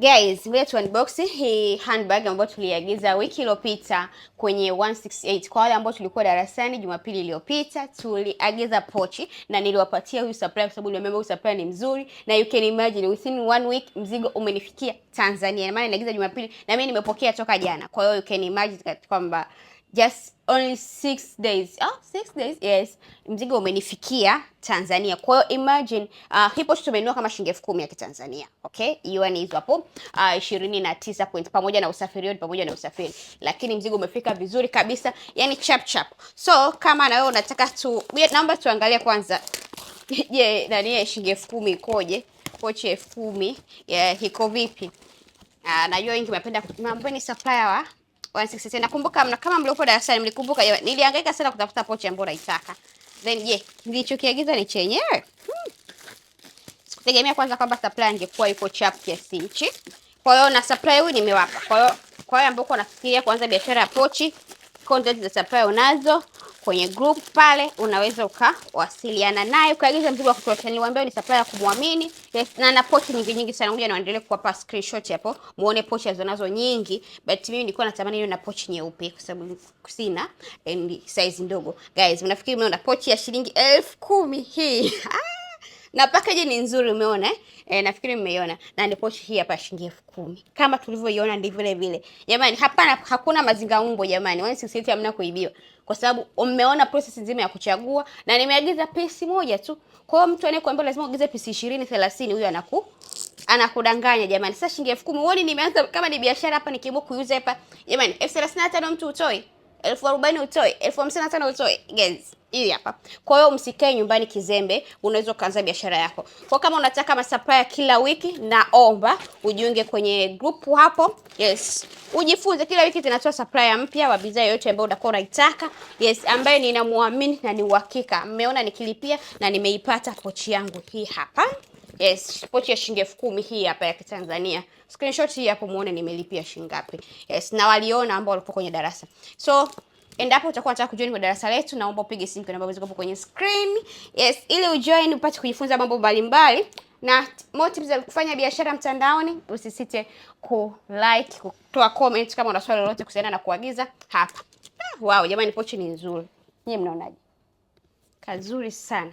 Guys, ngoja tu unbox hii handbag ambayo tuliagiza wiki iliyopita kwenye 168. Kwa wale ambao tulikuwa darasani Jumapili iliyopita tuliagiza pochi na niliwapatia huyu supplier kwa sababu nimeambiwa huyu supplier ni mzuri na you can imagine within one week mzigo umenifikia Tanzania. Maana niliagiza Jumapili na mimi nimepokea toka jana. Kwa hiyo you can imagine kwamba just only six days. Oh, six days yes, mzigo umenifikia Tanzania. Kwa hiyo imagine uh, hipo tumenunua kama shilingi elfu kumi ya Kitanzania okay, hiyo ni hizo hapo uh, ishirini na tisa point pamoja na usafiri, pamoja na usafiri, lakini mzigo umefika vizuri kabisa, yani chap chap. So kama na wewe unataka tu, naomba tuangalie kwanza, je, nani shilingi elfu kumi ikoje? Pochi elfu kumi yeah, iko vipi? Uh, najua wengi mnapenda kutumia, ambaye ni supplier wa 168. Nakumbuka mna kama mliopo darasani mlikumbuka nilihangaika sana kutafuta pochi ambayo naitaka. Then je, yeah, nilichokiagiza ni chenyewe. Hmm. Sikutegemea kwanza kwamba supply ingekuwa iko chap kiasi hichi. Kwa hiyo na supply huyu nimewapa. Kwa hiyo kwa hiyo ambao nafikiria kuanza biashara ya pochi, content za supply unazo, kwenye group pale, unaweza ukawasiliana naye ukaagiza mzigo wa kutosha. Niliwaambia ni supplier ya kumwamini yes, na na pochi nyingi nyingi sana. Ngoja niendelee kuwapa screenshot hapo muone pochi zinazo nyingi, but mimi nilikuwa natamani hiyo na pochi nyeupe kwa sababu sina size ndogo. Guys, mnafikiri mnaona pochi ya shilingi elfu kumi hii ah! na package ni nzuri, umeona eh? E, nafikiri mmeiona na ni pochi hii hapa shilingi elfu kumi kama tulivyoiona ndivyo vile vile. Jamani, hapana, hakuna mazinga umbo jamani, wewe si 168 hamna kuibiwa, kwa sababu umeona process nzima ya kuchagua, na nimeagiza pesi moja tu. Kwa hiyo mtu anayekuambia lazima uagize pesi 20 30, huyo anaku anakudanganya jamani. Sasa shilingi elfu kumi uone, nimeanza kama ni biashara hapa, nikiamua kuuza hapa jamani, elfu thelathini na tano mtu utoe, elfu arobaini utoe, elfu hamsini na tano utoe guys hili hapa. Kwa hiyo msikae nyumbani kizembe, unaweza kuanza biashara yako. Kwa kama unataka masapaa kila wiki, naomba ujiunge kwenye group hapo. Yes. Ujifunze kila wiki tunatoa supplier mpya wa bidhaa yoyote ambayo utakuwa unaitaka. Yes, ambaye ninamuamini na ni uhakika. Mmeona nikilipia na nimeipata pochi yangu hii hapa. Yes, pochi ya shilingi elfu kumi hii hapa ya Kitanzania. Screenshot hii hapo muone nimelipia shilingi ngapi. Yes, na waliona ambao walikuwa kwenye darasa. So Endapo utakuwa unataka kujoin kwa darasa letu, naomba upige simu namba ambazo ziko kwenye screen. Yes, ili ujoin upate kujifunza mambo mbalimbali na motives za kufanya biashara mtandaoni. Usisite ku like, kutoa comment kama una swali lolote kuhusiana na kuagiza hapa. Ah, wow, jamani pochi ni nzuri. Nyie mnaonaje? Kazuri sana.